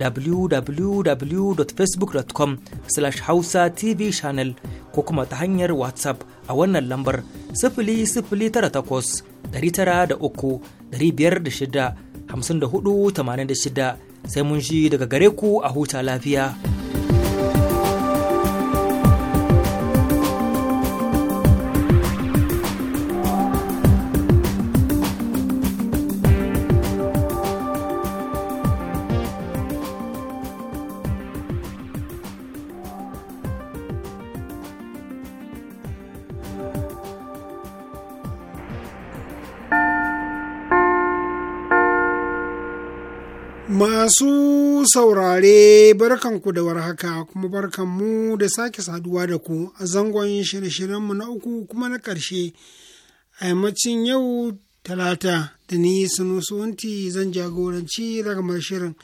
www.facebook.com slash hausa tv channel ko kuma ta hanyar whatsapp a wannan lambar sifili sifili da takwas tara biyar 506 shida sai mun shi daga gare ku a huta lafiya. Masu saurare barkanku da warhaka kuma barkanmu da sake saduwa da ku a zangon shirye-shiryenmu na uku kuma na ƙarshe a yammacin yau talata da ni sunusunti zan jagoranci ragamar shirin.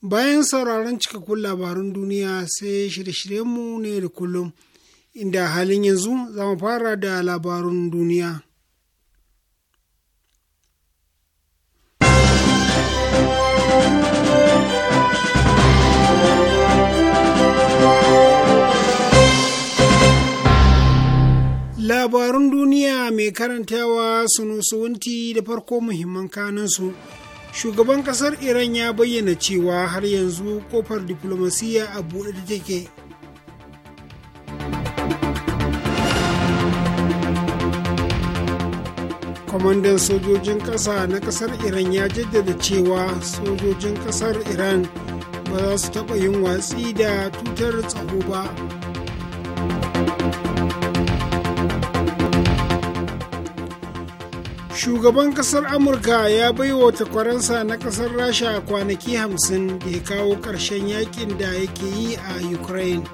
Bayan sauraron cikakkun labarun duniya sai shirye-shiryenmu ne da kullum inda halin yanzu za mu fara da labarun duniya. Labarun duniya mai karantawa su sunusuwunti da farko muhimman kanunsu. Shugaban ƙasar Iran ya bayyana cewa har yanzu kofar diflomasiyya a buɗe da take. kwamandan sojojin ƙasa na ƙasar iran ya jaddada cewa sojojin ƙasar iran ba za su taɓa yin watsi da tutar tsaho ba shugaban kasar amurka ya baiwa takwaransa na kasar rasha kwanaki hamsin da ya kawo ƙarshen yakin da yake yi a ukraine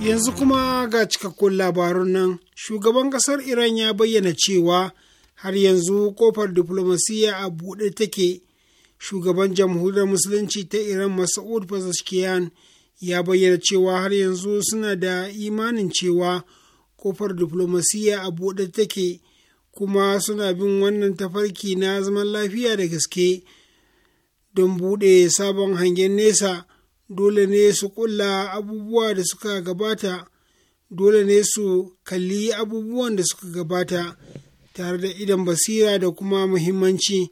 yanzu kuma ga cikakkun labarun nan shugaban kasar iran ya bayyana cewa har yanzu kofar diflomasiyya a buɗe take shugaban jamhuriyar musulunci ta iran masa'ud pezeshkian ya bayyana cewa har yanzu suna da imanin cewa kofar diflomasiyya a buɗe take kuma suna bin wannan tafarki na zaman lafiya da gaske don buɗe sabon hangen nesa dole ne su ƙulla abubuwa da suka gabata dole ne su kalli abubuwan da suka gabata tare da idan basira da kuma muhimmanci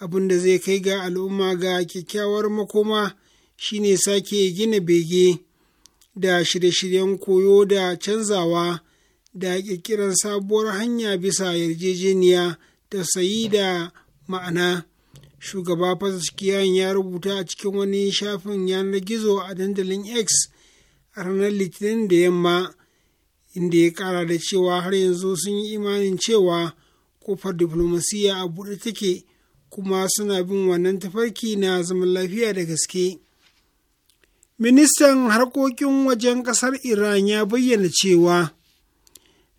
abin da zai kai ga al'umma ga kyakkyawar makoma shine sake gina bege da shirye-shiryen koyo da canzawa da ƙirƙirar sabuwar hanya bisa yarjejeniya ta sayi da ma'ana shugaba Fasaskiyan ya rubuta a cikin wani shafin yanar gizo a dandalin x a ranar litinin da yamma inda ya kara da cewa har yanzu sun yi imanin cewa kofar diflomasiyya a buɗe take kuma suna bin wannan tafarki na zaman lafiya da gaske ministan harkokin wajen ƙasar iran ya bayyana cewa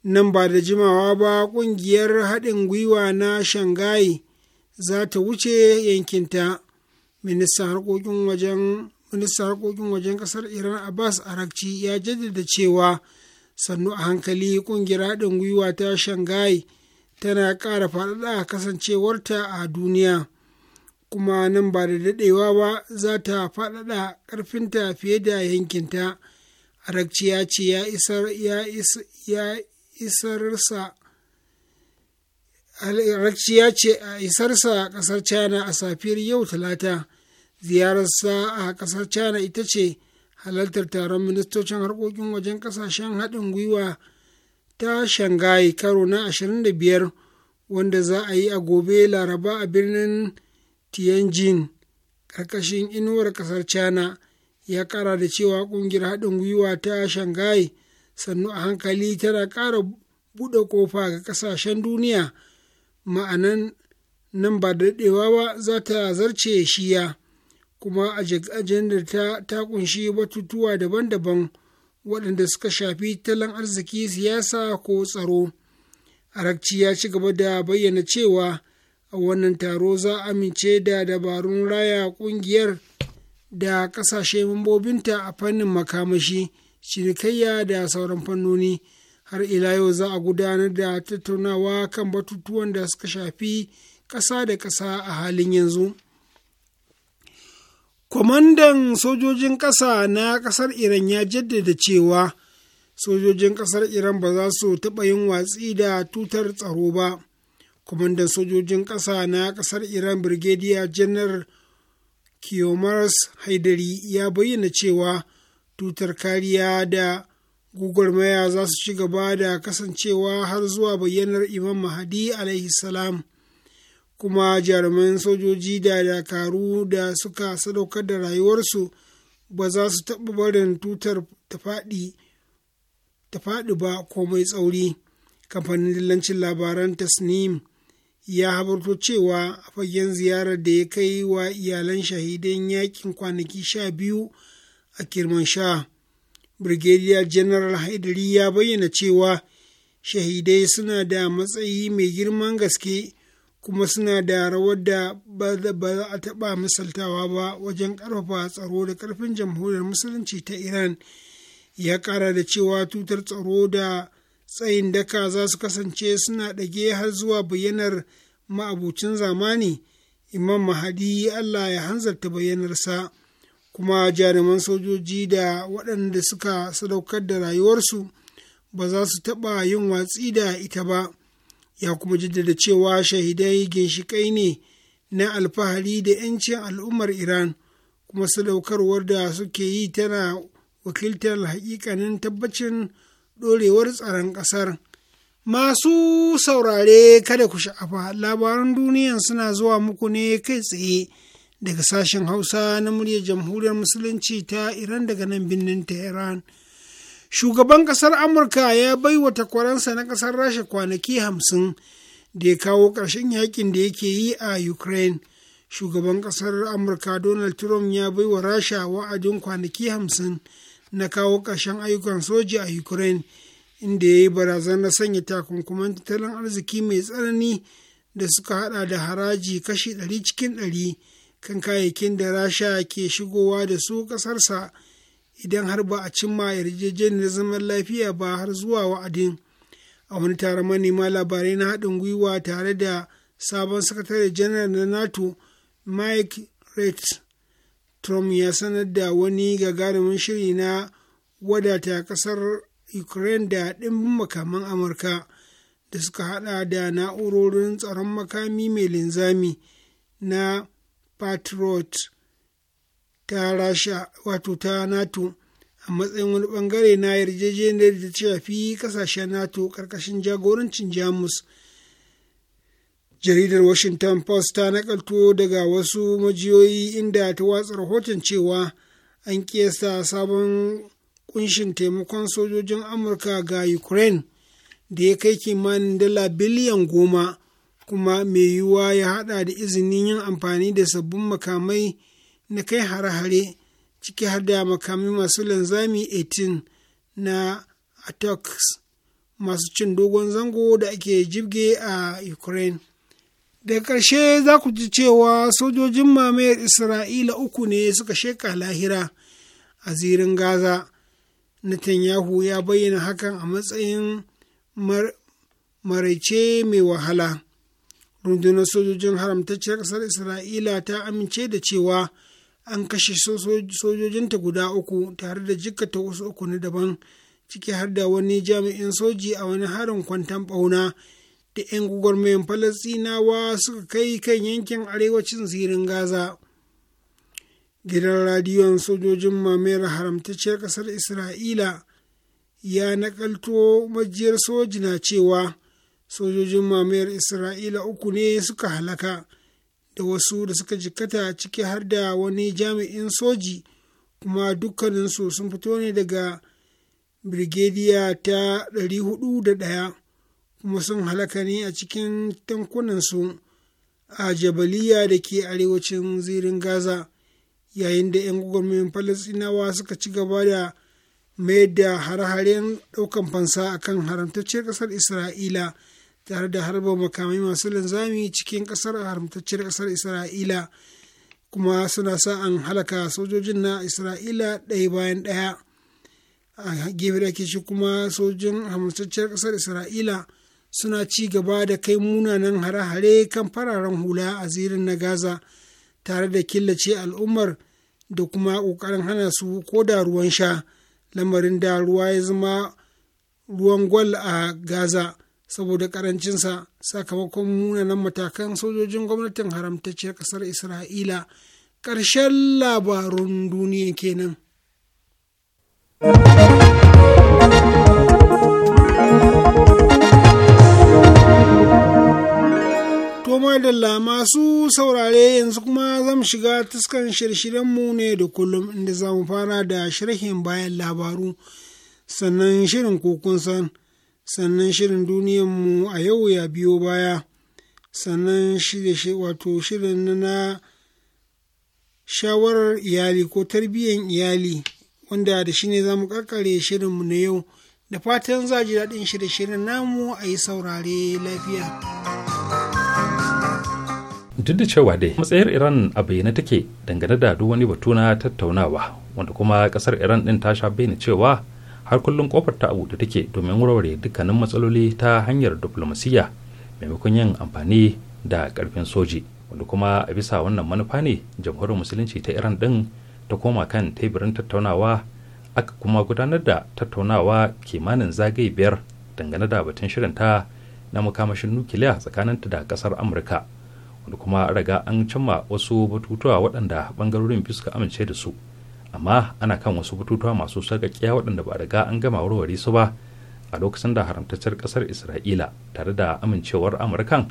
nan ba da jimawa ba ƙungiyar haɗin gwiwa na shanghai za ta wuce yankinta ministan harkokin wajen ministan ƙasar iran abbas arakci ya jaddada cewa sannu a hankali kungiyar haɗin gwiwa ta shanghai tana ƙara faɗaɗa kasancewarta a duniya kuma nan ba da daɗewa ba za ta faɗaɗa ƙarfinta fiye da yankinta arakci ya ce ya isarsa arakci ya ce a isarsa a ƙasar china a safiyar yau talata ziyararsa a ƙasar china ita ce halartar taron ministocin harkokin wajen kasashen haɗin gwiwa ta shanghai karo na 25 wanda za a yi a gobe laraba a birnin tianjin ƙarƙashin inuwar ƙasar china ya ƙara da cewa ƙungiyar haɗin gwiwa ta shanghai sannu a hankali tana ƙara buɗe ƙofa ga ƙasashen duniya ma'anan nan ba da daɗewa ba za ta zarce shiya. kuma ajandar ta ta kunshi batutuwa daban-daban waɗanda suka shafi talan arziki siyasa ko tsaro arakci ya ci gaba da bayyana cewa a wannan taro za a amince da dabarun raya ƙungiyar da ƙasashe mambobinta a fannin makamashi cinikayya da sauran fannoni har ila yau za a gudanar da tattaunawa kan batutuwan da suka shafi ƙasa da ƙasa a halin yanzu. kwamandan sojojin ƙasa na ƙasar iran ya jaddada cewa sojojin ƙasar iran ba za su taɓa yin watsi da tutar tsaro ba kwamandan sojojin ƙasa na ƙasar iran brigadier janar kiyomars haidari ya bayyana cewa tutar kariya da maya za su ci gaba da kasancewa har zuwa bayyanar imam mahadi alaihi salam kuma jaruman sojoji da dakaru da suka sadaukar da rayuwarsu ba za su taɓa barin tutar ta faɗi ba komai tsauri kamfanin dillancin labaran tasnim ya habarto cewa a fagen ziyarar da ya kai wa iyalan shahidan yakin kwanaki sha biyu a kirman sha. brigadier general haidari ya bayyana cewa shahidai suna da matsayi mai girman gaske kuma suna da rawar da ba za a taɓa misaltawa ba wajen ƙarfafa tsaro da ƙarfin jamhuriyar musulunci ta iran ya ƙara da cewa tutar tsaro da tsayin daka za su kasance suna ɗage har zuwa bayyanar ma'abucin zamani imam mahadi allah ya hanzarta bayyanarsa kuma jaruman sojoji da waɗanda suka sadaukar da rayuwarsu ba za su taɓa yin watsi da ita ba. ya kuma jaddada cewa shahidai ginshikai ne na alfahari da 'yancin al'ummar iran kuma sadaukarwar da suke yi tana wakiltar hakikanin tabbacin ɗorewar tsaron kasar. masu saurare kada ku sha'afa labaran duniyan suna zuwa muku ne kai tsaye daga sashen hausa na muryar jamhuriyar musulunci ta iran daga nan birnin iran. shugaban ƙasar amurka ya bai wa takwaransa na ƙasar rasha kwanaki hamsin da ya kawo ƙarshen yakin da yake yi a ukraine shugaban ƙasar amurka donald trump ya bai wa rasha wa'adin kwanaki hamsin na kawo ƙarshen ayyukan soji a ukraine inda ya yi barazanar sanya takunkuman tattalin arziki mai tsanani da suka hada da haraji kashi ɗari cikin ɗari kan kayayyakin da rasha ke shigowa da su ƙasarsa idan har ba a cimma yarjejeniyar zaman lafiya ba har zuwa wa'adin a wani taron manema labarai na haɗin gwiwa tare da sabon sakatare janar na nato mike rate trump ya sanar da wani gagarumin shiri na wadata ƙasar ukraine da ɗimbin makaman amurka da suka hada da na'urorin tsaron makami mai linzami na patriot ta rasha wato ta nato a matsayin wani bangare na yarjejeniyar da ta shafi kasashen nato karkashin jagorancin jamus jaridar washington post ta nakalto daga wasu majiyoyi inda ta watsa rahoton cewa an kiyasta sabon kunshin taimakon sojojin amurka ga ukraine da ya kai kimanin dala biliyan goma kuma mai yiwuwa ya hada da izinin yin amfani da sabbin makamai na kai hare-hare ciki har da makamai masu linzami 18 na atok masu cin dogon zango da ake jibge a ukraine daga ƙarshe za ku ji cewa sojojin mamayar isra'ila uku ne suka sheka lahira a zirin gaza netanyahu ya bayyana hakan a matsayin maraice mai wahala rundunar sojojin haramtacciyar ƙasar isra'ila ta amince da cewa an kashe sojojinta guda uku tare da jikkata wasu uku na daban ciki har da wani jami'in soji a wani harin kwantan ɓauna da 'yan gwagwarmayin falasinawa suka kai kan yankin arewacin zirin gaza gidan radiyon sojojin mamayar haramtacciyar ƙasar isra'ila ya nakalto majiyar soji na cewa sojojin mamayar isra'ila uku ne suka halaka da wasu da suka jikkata ciki har da wani jami'in soji kuma dukkaninsu sun fito ne daga birgediya ta 401 kuma sun halaka ne a cikin tankunansu a jabaliya da ke arewacin zirin gaza yayin da 'yan gwamnatin falasinawa suka ci gaba da mayar da hare-haren ɗaukan fansa akan haramtacciyar ƙasar isra'ila tare da harba makamai masu linzami cikin kasar a haramtacciyar kasar isra'ila kuma suna sa an halaka sojojin na isra'ila ɗaya bayan ɗaya a gefe da shi kuma sojin haramtacciyar kasar isra'ila suna ci gaba da kai munanan hare-hare kan fararen hula a zirin na gaza tare da killace al'ummar da kuma ƙoƙarin hana su ko da ruwan sha lamarin da ruwa ya zama ruwan gwal a gaza saboda karancinsa sakamakon munanan matakan sojojin gwamnatin haramtacciyar ƙasar isra'ila karshen labarun duniya kenan. Toma da masu saurare yanzu kuma zamu shiga tuskan shirye-shiryenmu ne da kullum inda zamu fara da sharhin bayan labaru sannan shirin kokun san. sannan shirin duniyanmu a yau ya biyo baya sannan shirin wato shirin na shawarar iyali ko tarbiyyar iyali wanda da shi ne za mu karkare shirinmu na yau da fatan za ji daɗin shirye shirin namu a yi saurare lafiya. duk da cewa dai matsayar iran a bayyane take dangane da duk wani batu na tattaunawa wanda kuma kasar iran din ta sha bayyana cewa har kullum kofar ta abu da take domin warware dukkanin matsaloli ta hanyar diplomasiya maimakon yin amfani da karfin soji wanda kuma a bisa wannan manufa ne jamhuriyar musulunci ta iran din ta koma kan teburin tattaunawa aka kuma gudanar da tattaunawa kimanin zagaye biyar dangane da batun shirin ta na makamashin nukiliya tsakanin ta da kasar amurka wanda kuma raga an cimma wasu batutuwa waɗanda bangarorin biyu suka amince da su amma ana kan wasu batutuwa masu sarƙaƙiya waɗanda ba riga an gama warware su ba a lokacin da haramtaccen ƙasar isra'ila tare da amincewar amurkan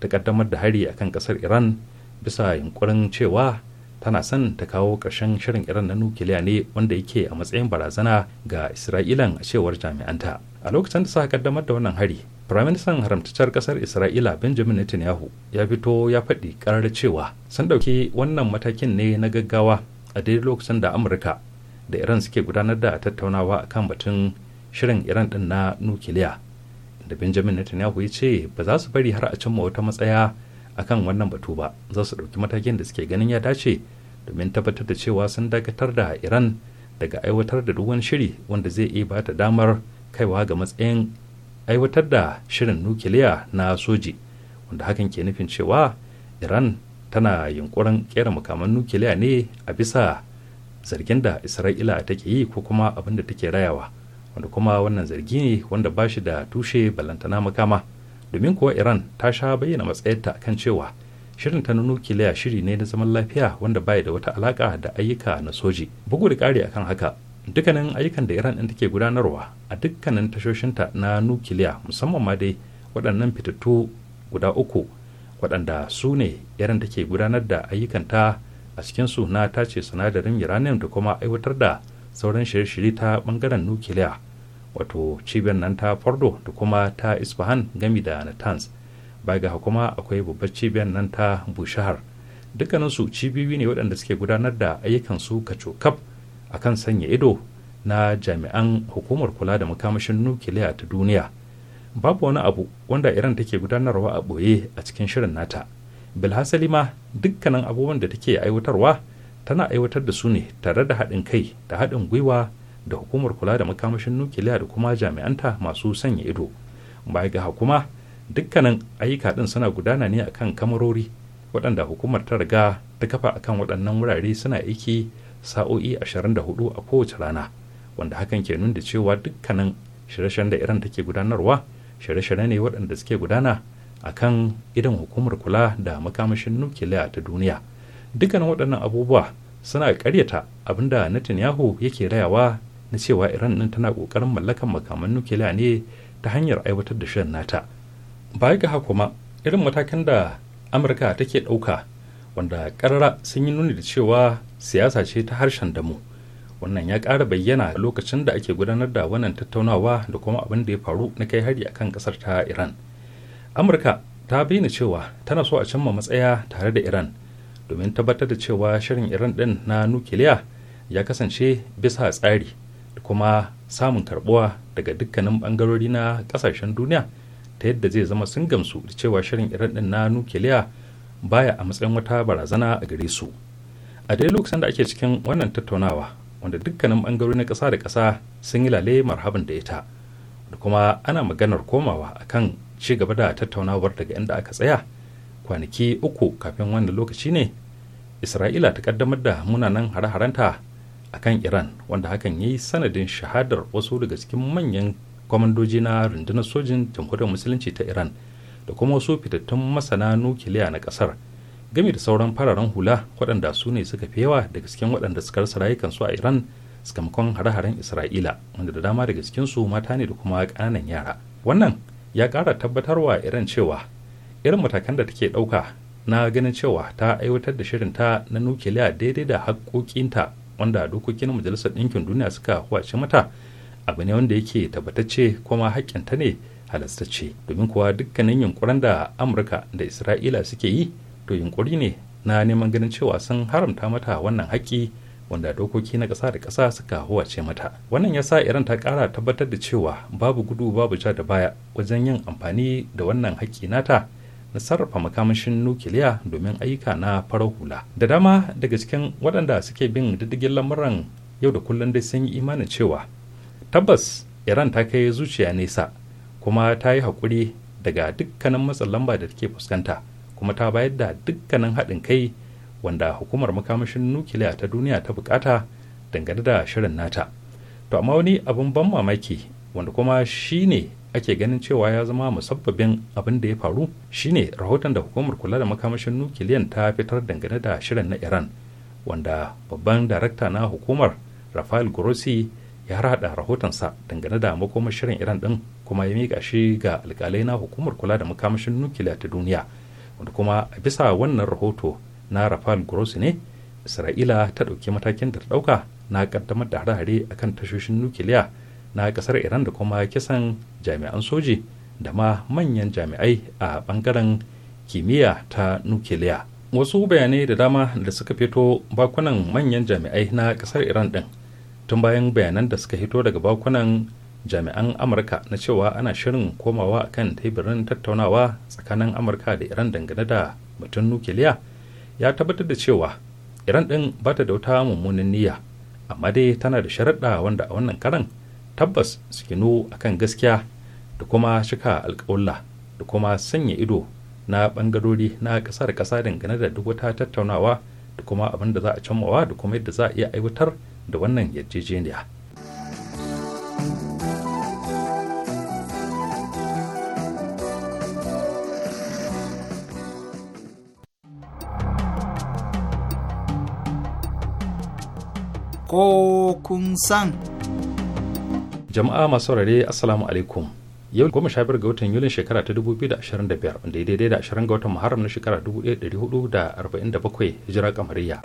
ta ƙaddamar da hari akan ƙasar iran bisa yunkurin cewa tana son ta kawo ƙarshen shirin iran na nukiliya ne wanda yake a matsayin barazana ga isra'ilan a cewar jami'anta a lokacin da suka ƙaddamar da wannan hari firaministan haramtaccen ƙasar isra'ila benjamin netanyahu ya fito ya faɗi ƙarar cewa sun ɗauki wannan matakin ne na gaggawa a daidai lokacin da amurka da iran suke gudanar da tattaunawa a kan batun shirin iran din na nukiliya da benjamin netanyahu ya ce ba za su bari har a cimma wata matsaya a kan wannan batu ba za su ɗauki matakin da suke ganin ya dace domin tabbatar da cewa sun dakatar da iran daga aiwatar da ruwan shiri wanda zai iya bata damar kaiwa ga matsayin aiwatar da shirin nukiliya na soji wanda hakan ke nufin cewa iran tana yunkurin kera makaman nukiliya ne a bisa zargin da isra'ila take yi ko kuma abin da take rayawa wanda kuma wannan zargi ne wanda ba shi da tushe balantana makama domin kuwa iran ta sha bayyana matsayarta kan cewa shirin ta na nukiliya shiri ne na zaman lafiya wanda baya da wata alaka da ayyuka na soji bugu da kare akan haka dukkanin ayyukan da iran ɗin take gudanarwa a dukkanin tashoshinta na nukiliya musamman ma dai waɗannan fitattu guda uku waɗanda su ne irin da ke gudanar da ayyukanta a cikinsu na tace sinadarin uranium da kuma aiwatar da sauran shirye-shirye ta ɓangaren nukiliya wato cibiyar nan ta fardo da kuma ta isfahan gami da natanz baya ga kuma akwai babbar cibiyar nan ta bushahar dukkaninsu cibiyoyi ne waɗanda suke gudanar da ayyukansu kacokaf a kan sanya ido na jami'an hukumar kula da makamashin nukiliya ta duniya babu wani abu wanda iran take gudanarwa a boye a cikin shirin nata bilhassali ma dukkanin abubuwan da take aiwatarwa tana aiwatar da su ne tare da haɗin kai da haɗin gwiwa da hukumar kula da makamashin nukiliya da kuma jami'anta masu sanya ido baya ga kuma dukkanin ayyuka ɗin suna gudana ne akan kamarori waɗanda hukumar ta riga ta kafa akan waɗannan wurare suna aiki sa'o'i 24 a kowace rana wanda hakan ke nuna cewa dukkanin shirye-shiryen da iran take gudanarwa shirye-shirye ne waɗanda suke gudana a kan gidan hukumar kula da makamashin nukiliya ta duniya dukkanin waɗannan abubuwa suna karyata ƙaryata abinda netanyahu yake rayawa na cewa iran nan tana ƙoƙarin mallakan makaman nukiliya ne ta hanyar aiwatar da shan nata baya ga haka kuma irin matakan da amurka take ɗauka wanda ƙarara sun yi nuni da cewa siyasa ce ta harshen damu wannan ya kara bayyana lokacin da ake gudanar da wannan tattaunawa da kuma abin da ya faru na kai hari akan ƙasar ta iran amurka ta bayyana cewa tana so a cimma matsaya tare da iran domin tabbatar da cewa shirin iran din na nukiliya ya kasance bisa tsari da kuma samun karbuwa daga dukkanin bangarori na kasashen duniya ta yadda zai zama sun gamsu da cewa shirin iran din na nukiliya baya a matsayin wata barazana a gare su a dai lokacin da ake cikin wannan tattaunawa wanda dukkanin bangarori na ƙasa da ƙasa sun yi lale marhaban da ita da kuma ana maganar komawa akan ci gaba da tattaunawar daga inda aka tsaya kwanaki uku kafin wannan lokaci ne isra'ila ta kaddamar da munanan hare-harenta a kan iran wanda hakan ya yi sanadin shahadar wasu daga cikin manyan kwamandoji na rundunar sojin jamhuriyar musulunci ta iran da kuma wasu fitattun masana nukiliya na kasar game da sauran fararen hula waɗanda su ne suka fi yawa daga cikin waɗanda suka rasa rayukansu a iran sakamakon hare-haren isra'ila wanda da dama daga su mata ne da kuma ƙananan yara wannan ya ƙara tabbatarwa iran cewa irin matakan da take ɗauka na ganin cewa ta aiwatar da shirinta na nukiliya daidai da haƙoƙinta wanda dokokin majalisar ɗinkin duniya suka huwace mata abu ne wanda yake tabbatacce kuma haƙƙinta ne halastacce domin kuwa dukkanin yunkurin da amurka da isra'ila suke yi to yunkuri ne na neman ganin cewa sun haramta mata wannan haƙƙi wanda dokoki na ƙasa da ƙasa suka huwace mata wannan ya sa iran ta ƙara tabbatar da cewa babu gudu babu ja da baya wajen yin amfani da wannan haƙƙi nata na sarrafa makamashin nukiliya domin ayyuka na farar hula da dama daga cikin waɗanda suke bin diddigin lamuran yau da kullum dai sun yi imanin cewa tabbas iran ta kai zuciya nesa kuma ta yi haƙuri daga dukkanin matsin lamba da take fuskanta kuma ta bayar da dukkanin haɗin kai wanda hukumar makamashin nukiliya ta duniya ta bukata dangane da shirin nata to amma wani abin ban mamaki wanda kuma shi ne ake ganin cewa ya zama musabbabin abin da ya faru shine rahoton da hukumar kula da makamashin nukiliyan ta fitar dangane da shirin na iran wanda babban darakta na hukumar rafael grossi ya rada rahotonsa dangane da makoma shirin iran din kuma ya miƙa shi ga alkalai na hukumar kula da makamashin nukiliya ta duniya wanda kuma bisa wannan rahoto na rafal grossi ne isra'ila ta ɗauki matakin da ta ɗauka na ƙaddamar da hare-hare a kan tashoshin nukiliya na ƙasar iran da kuma kisan jami'an soji da ma manyan jami'ai a ɓangaren kimiyya ta nukiliya wasu bayanai da dama da suka fito bakunan manyan jami'ai na ƙasar iran ɗin tun bayan bayanan da suka fito daga bakunan jami'an amurka na cewa ana shirin komawa a kan teburin tattaunawa tsakanin amurka da iran dangane da batun nukiliya ya tabbatar da cewa iran din ba ta da wata mummunan niyya amma dai tana da sharaɗa wanda a wannan karan tabbas su a kan gaskiya da kuma cika alƙawalla da kuma sanya ido na ɓangarori na ƙasa da ƙasa dangane da duk wata tattaunawa da kuma abin da za a cimmawa da kuma yadda za a iya aiwatar da wannan yarjejeniya. ko kun san. Jama'a masu saurare Assalamu alaikum. Yau goma sha biyar ga watan Yulin shekara ta 2025 wanda ya daidai da 20 ga watan Muharram na shekara 1447 hijira kamariya.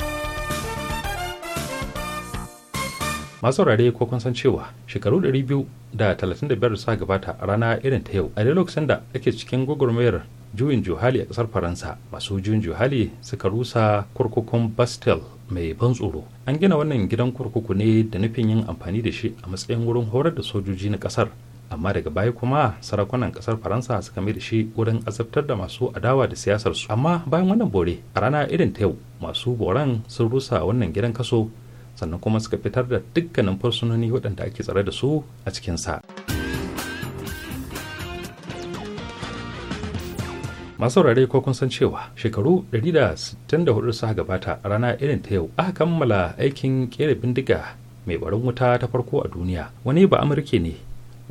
masu saurare ko kun san cewa shekaru 235 da suka gabata a rana irin ta yau a dai lokacin da ake cikin gwagwarmayar juyin juhali a kasar faransa masu juyin juhali suka rusa kurkukun bastel mai ban tsoro an gina wannan gidan kurkuku ne da nufin yin amfani da shi a matsayin wurin horar da sojoji na kasar amma daga baya kuma sarakunan kasar faransa suka mai da shi wurin azabtar da masu adawa da siyasar su amma bayan wannan bore a rana irin ta yau masu boran sun rusa wannan gidan kaso sannan kuma suka fitar da dukkanin fursunoni waɗanda ake tsare da su a cikin sa masu saurare ko kun san cewa shekaru 164 suka gabata a rana irin ta yau aka kammala aikin kera bindiga mai barin wuta ta farko a duniya wani ba amurke ne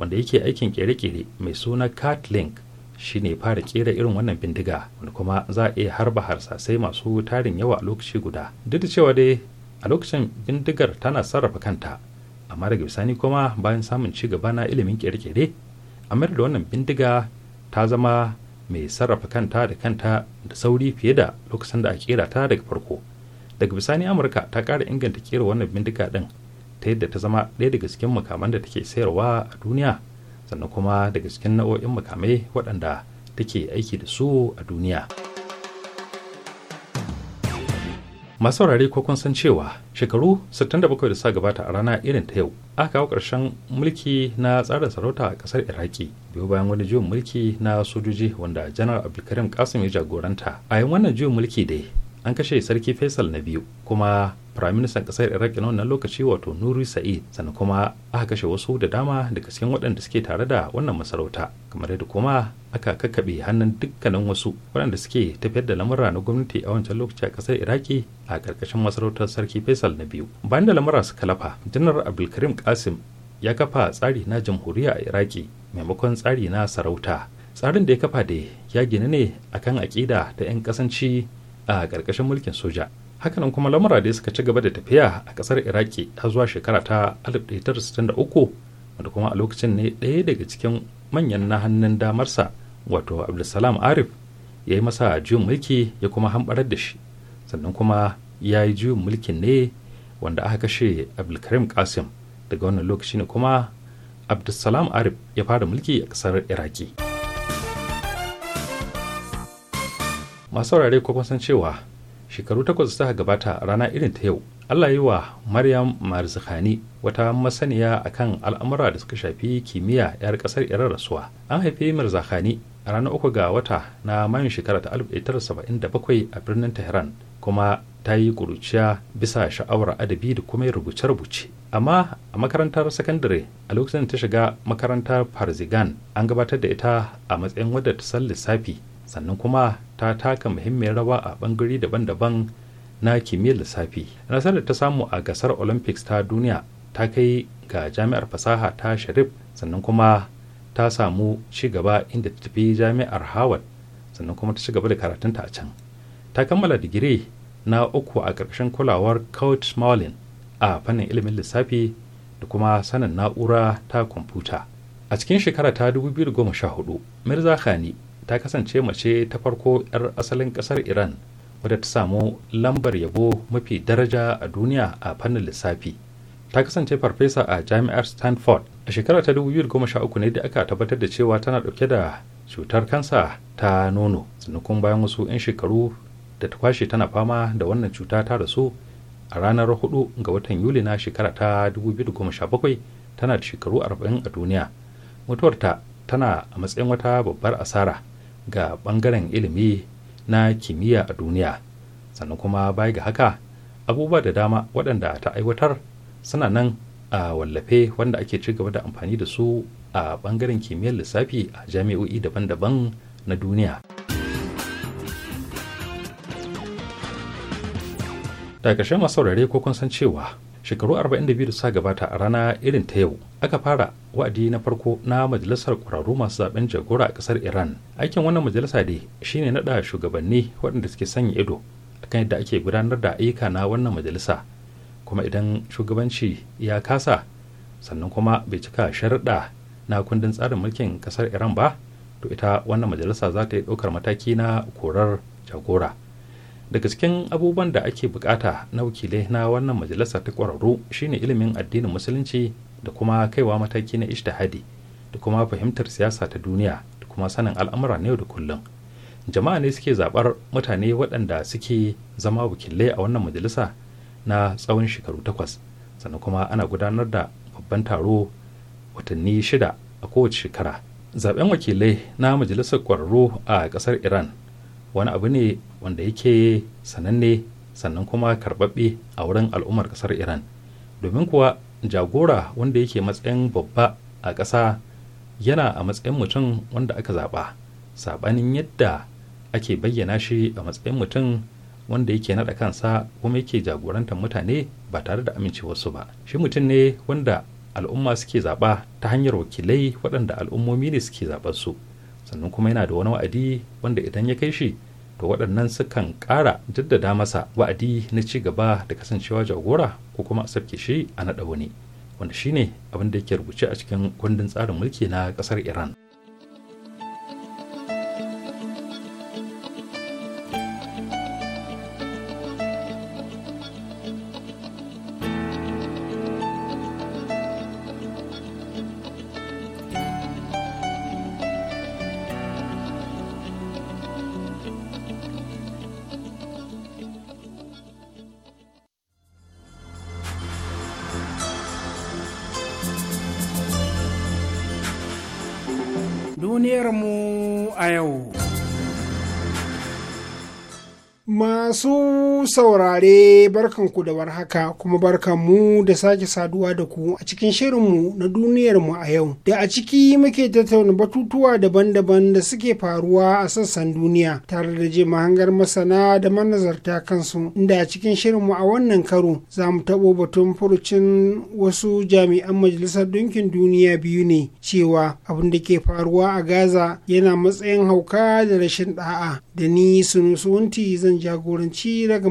wanda yake aikin kere-kere mai suna cat link shi ne fara kera irin wannan bindiga wanda kuma za a iya harba harsasai masu tarin yawa a lokaci guda duk da cewa dai a lokacin bindigar tana sarrafa kanta amma daga bisani kuma bayan samun ci gaba na ilimin kere-kere a da wannan bindiga ta zama mai sarrafa kanta da kanta da sauri fiye da lokacin da a kera ta daga farko daga bisani amurka ta kara inganta kera wannan bindiga din ta yadda ta zama ɗaya daga cikin makaman da take sayarwa a duniya sannan kuma daga cikin nau'o'in makamai waɗanda take aiki da su a duniya. masu saurare ko kun san cewa shekaru 67 da sa gabata a rana irin ta yau aka kawo ƙarshen mulki na tsarin sarauta a ƙasar iraki biyu bayan wani juyin mulki na sojoji wanda janar abdulkarim kasim ya jagoranta a yin wannan juyin mulki dai an kashe sarki faisal na biyu kuma firaministan kasar iraq na wannan lokaci wato nuri sa'id sannan kuma aka kashe wasu da dama daga cikin waɗanda suke tare da wannan masarauta kamar yadda kuma aka kakkaɓe hannun dukkanin wasu waɗanda suke tafiyar da lamura na gwamnati a wancan lokaci a ƙasar iraki a ƙarƙashin masarautar sarki faisal na biyu bayan da lamura suka lafa janar abdulkarim kasim ya kafa tsari na jamhuriya a iraki maimakon tsari na sarauta tsarin da ya kafa da ya gina ne akan aƙida ta 'yan kasanci a ƙarƙashin mulkin soja hakanan kuma lamura dai suka ci gaba da tafiya a kasar iraki har zuwa shekara ta 1963 wanda kuma a lokacin ne ɗaya daga cikin manyan na hannun damarsa wato abdulsalam arif ya yi masa juyin mulki ya kuma hambarar da shi sannan kuma ya yi juyin mulkin ne wanda aka kashe abdulkarim kasim daga wannan lokaci ne kuma abdulsalam arif ya fara mulki a kasar iraki masu saurare ko cewa shekaru takwas suka gabata rana irin ta yau allah yi wa maryam marzikhani wata masaniya a kan al'amura da suka shafi kimiyya 'yar kasar iran rasuwa an haifi marzikhani a ranar uku ga wata na mayun shekara ta 1977 a birnin tehran kuma ta yi ƙuruciya bisa sha'awar adabi da kuma rubuce-rubuce amma a makarantar sakandare a lokacin ta shiga makarantar farzigan an gabatar da ita a matsayin wadda ta san lissafi sannan kuma ta taka muhimmiyar rawa a bangare daban-daban na kimiyyar lissafi nasarar ta samu a gasar olympics ta duniya ta kai ga jami'ar fasaha ta sharif sannan kuma ta samu ci gaba inda ta tafi jami'ar harvard sannan kuma ta ci gaba da karatunta a can ta kammala digiri na uku a ƙarƙashin kulawar coach Marlin a fannin ilimin lissafi da kuma sanin na'ura ta kwamfuta. A cikin shekara ta 2014, Mirza Khani ta kasance mace ta farko 'yar asalin kasar iran wadda ta samu lambar yabo mafi daraja a duniya a fannin lissafi ta kasance farfesa a jami'ar stanford a shekara ta 2013 ne da aka tabbatar da cewa tana dauke da cutar kansa ta nono sannan bayan wasu 'yan shekaru da ta kwashe tana fama da wannan cuta ta rasu a ranar 4 ga watan yuli na shekara ta 2017 tana da shekaru 40 a duniya mutuwarta tana a matsayin wata babbar asara ga bangaren ilimi na kimiyya a duniya sannan kuma baya ga haka abubuwa da dama waɗanda ta aiwatar suna nan a wallafe wanda ake ci gaba da amfani da su a bangaren kimiyyar lissafi a jami'o'i daban-daban na duniya daga ƙarshen masu ko kun san cewa shekaru 42 da suka gabata a rana irin ta yau aka fara wa'adi na farko na majalisar kwararru masu zaben jagora a kasar iran aikin wannan majalisa ne shine nada shugabanni waɗanda suke sanya ido akan yadda ake gudanar da ayyuka na wannan majalisa kuma idan shugabanci ya kasa sannan kuma bai cika sharaɗa na kundin tsarin mulkin kasar iran ba to ita wannan majalisa za ta yi ɗaukar mataki na korar jagora daga cikin abubuwan da ake bukata na wakilai na wannan majalisa ta kwararru shine ilimin addinin musulunci da kuma kaiwa mataki na ishtihadi da kuma fahimtar siyasa ta duniya da kuma sanin al'amura na yau da kullum jama'a ne suke zabar mutane waɗanda suke zama wakilai a wannan majalisa na tsawon shekaru takwas sannan kuma ana gudanar da babban taro watanni shida a kowace shekara zaben wakilai na majalisar kwararru a ƙasar iran wani abu ne wanda yake sananne sannan kuma karbabbe a wurin al'ummar kasar iran domin kuwa jagora wanda yake matsayin babba a ƙasa yana a matsayin mutum wanda aka zaɓa saɓanin yadda ake bayyana shi a matsayin mutum wanda yake naɗa kansa kuma yake jagorantar mutane ba tare da amincewarsu ba shi mutum ne wanda al'umma suke zaɓa ta hanyar wakilai waɗanda al'ummomi ne suke zaɓar su sannan kuma yana da wani wa'adi wanda idan ya kai shi to waɗannan sukan ƙara jaddada masa wa'adi na ci gaba da kasancewa jagora ko kuma a sabke shi a naɗa wani wanda shine abin da yake rubuce a cikin kundin tsarin mulki na ƙasar iran saurare barkanku da warhaka kuma mu da sake saduwa da ku a cikin shirinmu na duniyarmu a yau da a ciki muke tattauna batutuwa daban-daban da suke faruwa a sassan duniya tare da je hangar masana da manazarta kansu inda a cikin shirinmu a wannan karo za mu taɓo batun furucin wasu jami'an majalisar ɗinkin duniya biyu ne cewa abin da ke faruwa a gaza yana matsayin hauka da rashin ɗa'a da ni sunusunti zan jagoranci daga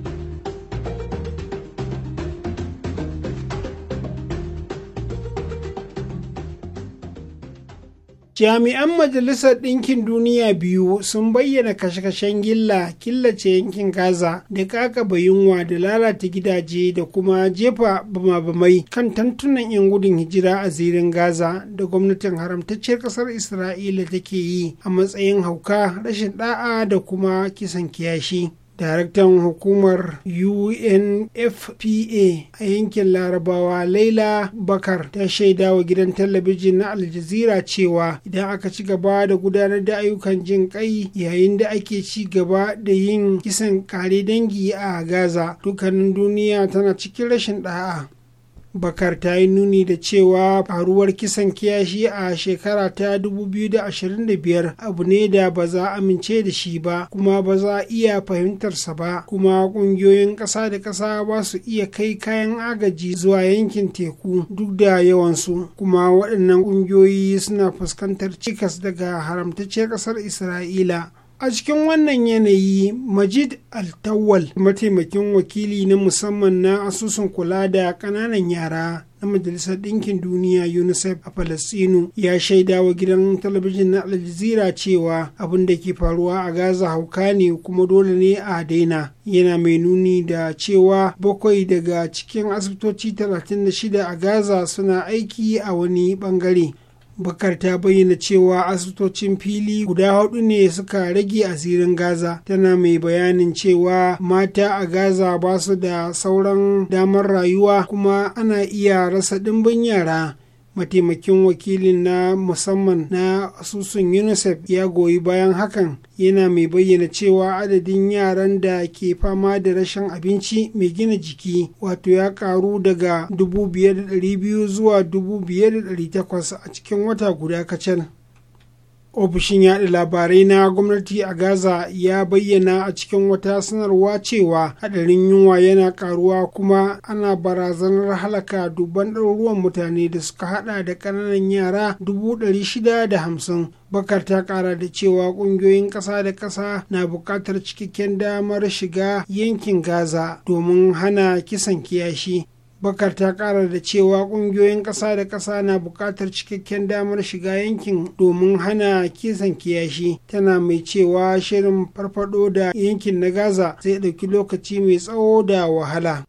jami'an majalisar ɗinkin duniya biyu sun bayyana kashe-kashen gilla killace yankin gaza da kakaba yunwa da lalata gidaje da kuma jefa bama-bamai kan tantunan 'yan gudun hijira a zirin gaza da gwamnatin haramtacciyar ƙasar isra'ila take yi a matsayin hauka rashin da'a da kuma kisan kiyashi daraktan hukumar unfpa a yankin larabawa laila bakar ta shaida wa gidan talabijin na aljazira cewa idan aka ci gaba da gudanar da ayyukan jin kai yayin da ake ci gaba da yin kisan kare dangi a gaza dukkanin duniya tana cikin rashin da'a bakar ta yi nuni da cewa faruwar kisan kiyashi a shekara ta 2025 abu ne da ba za amince da shi ba kuma ba za a iya fahimtarsa ba kuma kungiyoyin ƙasa da ƙasa ba su iya kai kayan agaji zuwa yankin teku duk da yawansu kuma waɗannan ƙungiyoyi suna fuskantar cikas daga haramtacciyar ƙasar isra'ila A cikin wannan yanayi Majid altawal mataimakin wakili na musamman na asusun kula da ƙananan yara na Majalisar Ɗinkin Duniya UNICEF a Falasɗinu ya shaida wa gidan talabijin na Al cewa abin da ke faruwa a Gaza hauka ne kuma dole ne a daina. Yana mai nuni da cewa bakwai daga cikin asibitoci 36 a Gaza suna aiki a wani bangare. bakar ta bayyana cewa asibitocin fili guda hudu ne suka rage asirin gaza tana mai bayanin cewa mata a gaza ba su da sauran damar rayuwa kuma ana iya rasa dimbin yara mataimakin wakilin na musamman na asusun unicef ya goyi bayan hakan yana mai bayyana cewa adadin yaran da ke fama da rashin abinci mai gina jiki wato ya karu daga 5,200 zuwa 2,800 a cikin wata guda kacal ofishin yaɗa labarai na gwamnati a gaza ya bayyana a cikin wata sanarwa cewa hadarin yunwa yana karuwa kuma ana barazanar halaka dubban ɗaruruwan mutane da suka hada da ƙananan yara dubu hamsin bakar ta kara da cewa ƙungiyoyin ƙasa da ƙasa na buƙatar cikakken damar shiga yankin gaza domin hana kisan kiyashi bakar ta kara da cewa kungiyoyin kasa da kasa na bukatar cikakken damar shiga yankin domin hana kisan kiyashi tana mai cewa shirin farfado da yankin na gaza zai ɗauki lokaci mai tsawo da wahala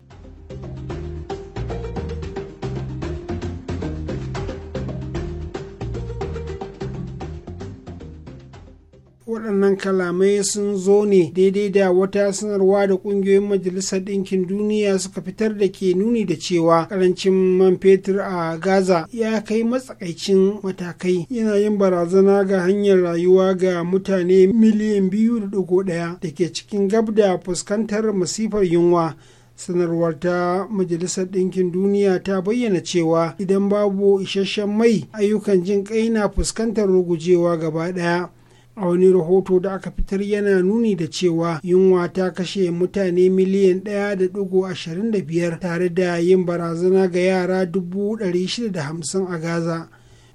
waɗannan kalamai sun zo ne daidai da wata sanarwa da ƙungiyoyin majalisar ɗinkin duniya suka fitar da ke nuni da cewa ƙarancin man fetur a gaza ya kai matsakaicin matakai yana yin barazana ga hanyar rayuwa ga mutane miliyan biyu da dugo ɗaya da ke cikin gab da fuskantar masifar yunwa sanarwar ta majalisar ɗinkin duniya ta bayyana cewa idan babu isasshen mai ayyukan jin kai na fuskantar rugujewa gaba ɗaya a wani rahoto da aka fitar yana nuni da cewa yunwa ta kashe mutane miliyan 1.25 tare da yin barazana ga yara 650 a gaza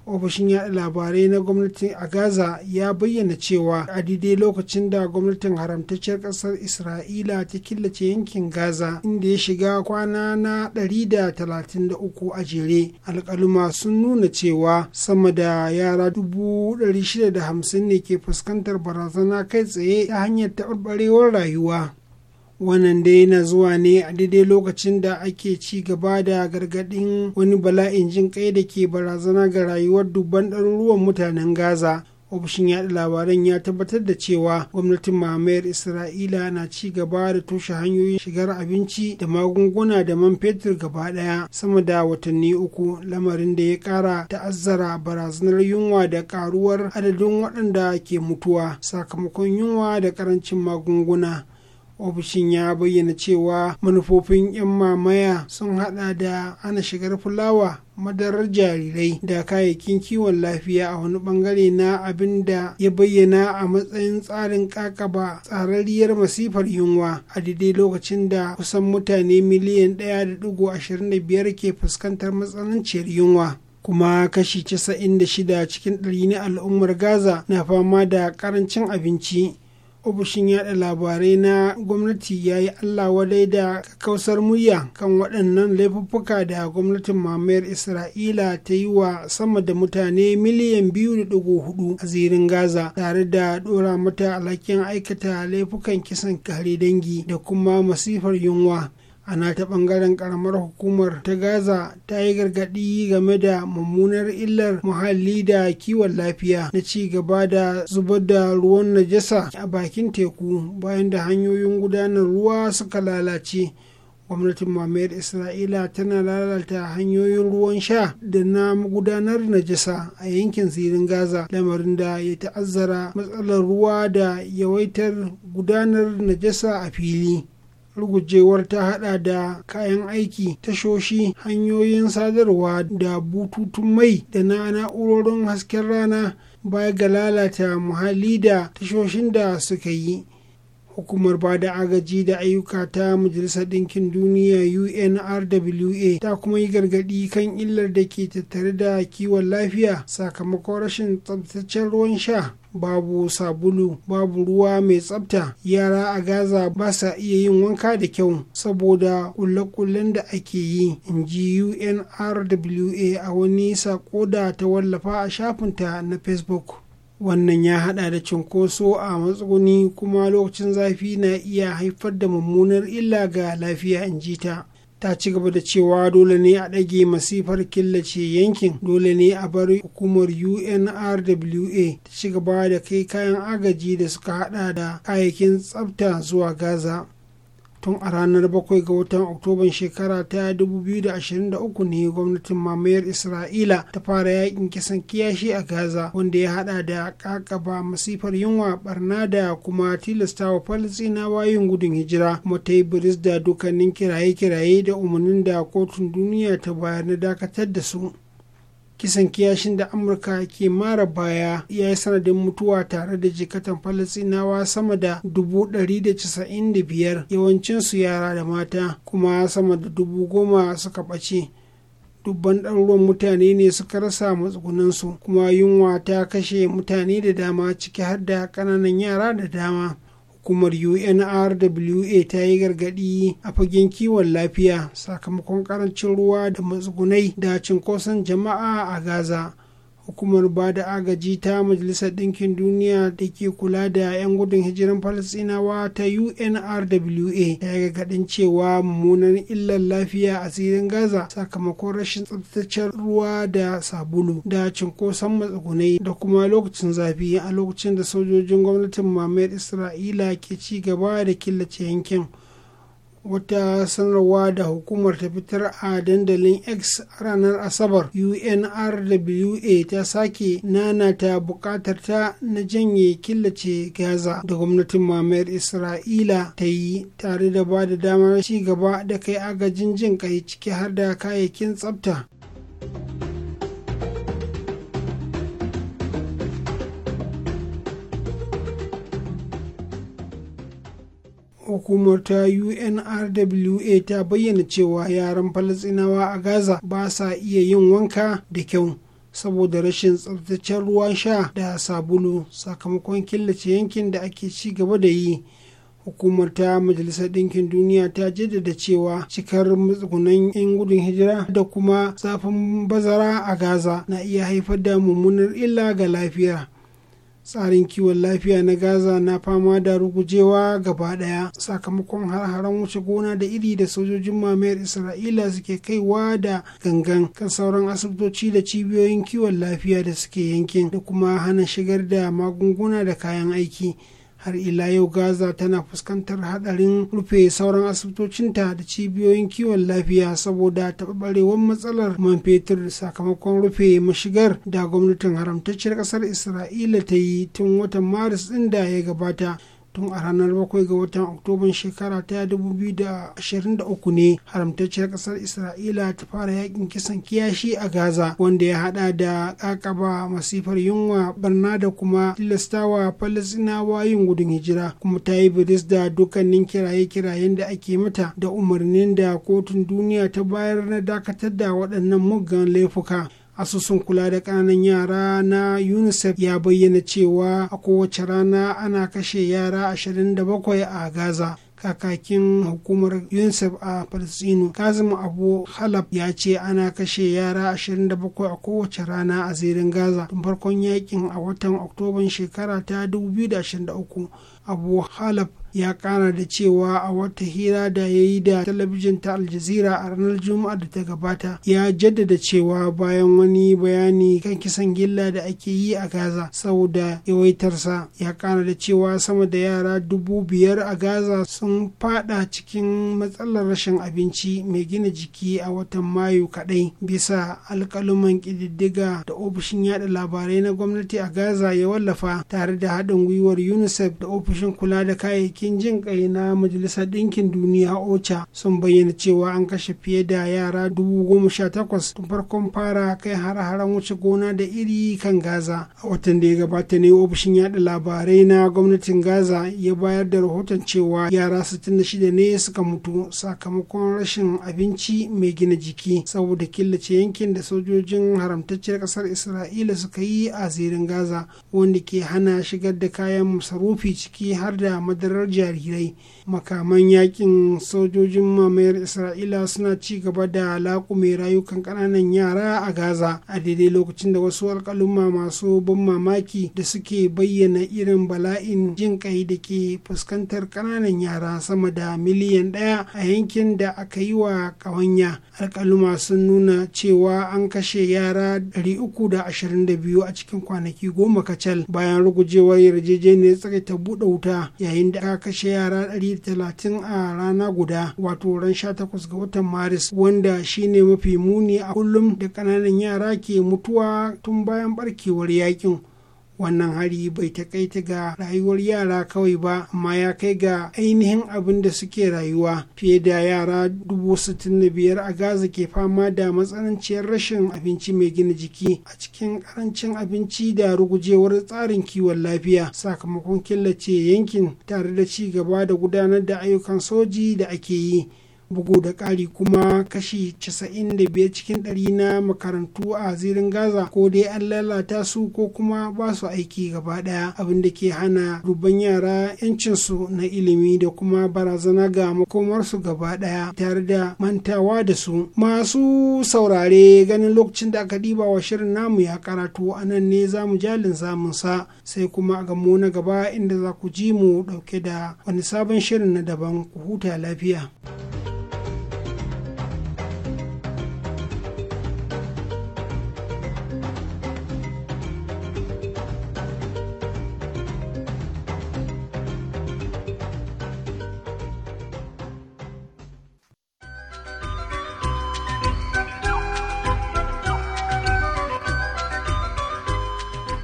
ofishin yaɗa labarai na gwamnatin a gaza ya bayyana cewa a daidai lokacin da gwamnatin haramtacciyar ƙasar isra'ila ta killace yankin gaza inda ya shiga kwana na 133 a jere alƙaluma sun nuna cewa sama da yara 650 ne ke fuskantar barazana kai tsaye ta hanyar taɓarɓarewar rayuwa wannan dai yana zuwa ne a daidai lokacin da ake ci gaba da gargaɗin wani bala'in jin kai da ke barazana ga rayuwar dubban ɗaruruwan mutanen gaza ofishin yaɗa labaran ya tabbatar da cewa gwamnatin mamayar isra'ila na ci gaba da toshe hanyoyin shigar abinci da magunguna da man fetur gaba ɗaya sama da watanni uku lamarin da ya ƙara ta'azzara barazanar yunwa da ƙaruwar adadin waɗanda ke mutuwa sakamakon yunwa da ƙarancin magunguna ofishin ya bayyana cewa manufofin 'yan mamaya sun hada da ana shigar fulawa madarar jarirai da kayayyakin kiwon lafiya a wani bangare na abin da ya bayyana a matsayin tsarin kakaba tsararriyar masifar yunwa a daidai lokacin da kusan mutane miliyan 1.25 ke fuskantar matsananciyar yunwa kuma kashi 96 cikin ɗari na al'ummar gaza na fama da karancin abinci ofishin yada labarai na gwamnati ya yi allah wadai da kausar murya kan waɗannan laifuffuka da gwamnatin mamayar isra'ila ta yi wa sama da mutane miliyan biyu da ɗigo hudu a zirin gaza tare da ɗora mata alhakin aikata laifukan kisan kare dangi da kuma masifar yunwa ana ta bangaren karamar hukumar ta gaza ta yi gargadi game da mummunar illar muhalli da kiwon lafiya na ci gaba da zubar da ruwan najasa a bakin teku bayan da hanyoyin gudanar ruwa suka lalace gwamnatin mamayar isra'ila tana lalata hanyoyin ruwan sha da na gudanar najasa a yankin zirin gaza lamarin da ya ta'azzara matsalar ruwa da yawaitar gudanar najasa a fili rugujewar ta hada da kayan aiki tashoshi hanyoyin sadarwa da bututun mai da na na'urorin hasken rana baya ga lalata muhalli da tashoshin da suka yi hukumar ba da agaji da ayyuka ta majalisar ɗinkin duniya unrwa ta kuma yi gargaɗi kan illar da ke tattare da kiwon lafiya sakamakon rashin tsabtaccen ruwan sha babu sabulu babu ruwa mai tsabta yara a gaza ba sa iya yin wanka da kyau saboda kulle-kullen da ake yi in ji unrwa a wani sako da ta wallafa a shafinta na facebook wannan ya hada da cunkoso a matsuguni kuma lokacin zafi na iya haifar da mummunar illa ga lafiya in ji ta ta ci gaba da cewa dole ne a ɗage masifar killace yankin dole ne a bar hukumar unrwa ta ci gaba da kai kayan agaji da suka hada da kayayyakin tsafta zuwa gaza tun a ranar bakwai ga watan oktoban shekara ta 2023 ne gwamnatin mamayar isra'ila ta fara yakin kisan kiyashi a gaza wanda ya hada da kakaba masifar yunwa barna da kuma tilasta tilastawa falastinawa yin gudun hijira kuma ta yi biris da dukkanin kiraye-kiraye da umarnin da kotun duniya ta bayar na dakatar da su kisan kiyashin da amurka ke mara baya ya yi sanadin mutuwa tare da jikatan falasinawa sama da dubu ɗari da da casa'in 195 yawancinsu yara da mata kuma sama da dubu goma suka ɓace dubban ɗaruruwan mutane ne suka rasa matsugunansu kuma yunwa ta kashe mutane da dama ciki har da ƙananan yara da dama hukumar unrwa ta yi gargadi a fagen kiwon lafiya sakamakon karancin ruwa da matsugunai da cinkoson jama'a a gaza hukumar ba da agaji ta majalisar ɗinkin duniya da ke kula da 'yan gudun hijiran falasinawa ta unrwa ta yi gargaɗin cewa mummunan illar lafiya a tsirin gaza sakamakon rashin tsabtataccen ruwa da sabulu da cinkoson matsugunai da kuma lokacin zafi a lokacin da sojojin gwamnatin mamayar isra'ila ke ci gaba da killace yankin wata sanarwa da hukumar ta fitar a dandalin x ranar asabar unrwa ta sake ta bukatar ta na janye killace gaza da gwamnatin mamayar isra'ila ta yi tare da ba da damar ci gaba da kai agajin jin kai ciki har da kayayyakin tsabta. hukumar ta unrwa ta bayyana cewa yaran falasinawa a gaza ba sa iya yin wanka da kyau saboda rashin tsabtaccen ruwan sha da sabulu sakamakon killace yankin da ake ci gaba da yi hukumar ta majalisar ɗinkin duniya ta jaddada cewa cikar matsugunan 'yan gudun hijira da kuma zafin bazara a gaza na iya haifar da mummunar illa ga lafiya tsarin kiwon lafiya na gaza na fama da rugujewa gaba daya sakamakon har-haren wuce gona da iri da sojojin mamayar isra'ila suke kaiwa da gangan kan sauran asibitoci da cibiyoyin kiwon lafiya da suke yankin da kuma hana shigar da magunguna da kayan aiki har ila yau gaza tana fuskantar hadarin rufe sauran asibitocinta da cibiyoyin kiwon lafiya saboda taɓarɓarewar matsalar man fetur sakamakon rufe mashigar da gwamnatin haramtacciyar ƙasar isra'ila ta yi tun watan maris ɗin da ya gabata tun a ranar bakwai ga watan oktoban shekara ta 2023 ne haramtacciyar kasar isra'ila ta fara yakin kisan kiyashi a gaza wanda ya hada da kakaba masifar yunwa barna da kuma tilastawa falasinawa yin gudun hijira kuma ta yi biris da dukkanin kiraye-kirayen da ake mata da umarnin da kotun duniya ta bayar na dakatar da waɗannan muggan laifuka asusun kula da ƙananan yara na unicef ya bayyana cewa a kowace rana ana kashe yara 27 a gaza kakakin hukumar unicef a palestino kazim abu halab ya ce ana kashe yara 27 a kowace rana a zirin gaza tun farkon yakin a watan oktoban shekara ta 2023 abu halab ya kara da cewa a wata hira da ya yi da talabijin ta aljazira a ranar juma'a da ta gabata ya jaddada cewa bayan wani bayani kan kisan gilla da ake yi a gaza saboda yawaitarsa ya kara da cewa sama da yara dubu biyar a gaza sun fada cikin matsalar rashin abinci mai gina jiki a watan mayu kadai bisa alkaluman kididdiga da ofishin yada labarai na gwamnati a gaza ya wallafa tare da haɗin gwiwar unicef da ofishin kula da kayayyaki harkokin jin kai na majalisar ɗinkin duniya ocha sun bayyana cewa an kashe fiye da yara dubu goma sha takwas tun farkon fara kai har-haren wuce gona da iri kan gaza a watan da ya gabata ne ofishin yada labarai na gwamnatin gaza ya bayar da rahoton cewa yara sittin da shida ne suka mutu sakamakon rashin abinci mai gina jiki saboda killace yankin da sojojin haramtacciyar ƙasar isra'ila suka yi a zirin gaza wanda ke hana shigar da kayan masarufi ciki har da madarar jarirai makaman yakin sojojin mamayar isra'ila suna ci gaba da laƙume rayukan ƙananan yara a gaza a daidai lokacin da wasu alƙaluma masu ban mamaki da suke bayyana irin bala'in jin kai da ke fuskantar ƙananan yara sama da miliyan ɗaya a yankin da aka yi wa ƙawanya alƙaluma sun nuna cewa an kashe yara 322 a cikin kwanaki goma kacal bayan rugujewar yarjejeniyar tsakaita buɗe wuta yayin da aka kashe yara 130 a rana guda wato ran 18 ga watan maris wanda shine mafi muni a kullum da ƙananan yara ke mutuwa tun bayan barkewar yakin wannan hari bai taƙaita ga rayuwar yara kawai ba amma ya kai ga ainihin abin da suke rayuwa fiye da yara dubu da biyar a gaza ke fama da matsananciyar rashin abinci mai gina jiki a cikin karancin abinci da rugujewar tsarin kiwon lafiya sakamakon killace yankin tare da ci gaba da gudanar da ayyukan soji da ake yi bugu da ƙari kuma kashi 95 cikin ɗari na makarantu a zirin gaza ko dai an lalata su ko kuma ba su aiki gaba ɗaya abin da ke hana dubban yara 'yancinsu na ilimi da kuma barazana ga makomarsu gaba ɗaya tare da mantawa da su masu saurare ganin lokacin da aka ɗiba wa shirin namu ya karatu a nan ne za mu jalin zamunsa sai kuma a gamo na gaba inda za ku ji mu ɗauke da wani sabon shirin na daban ku huta lafiya.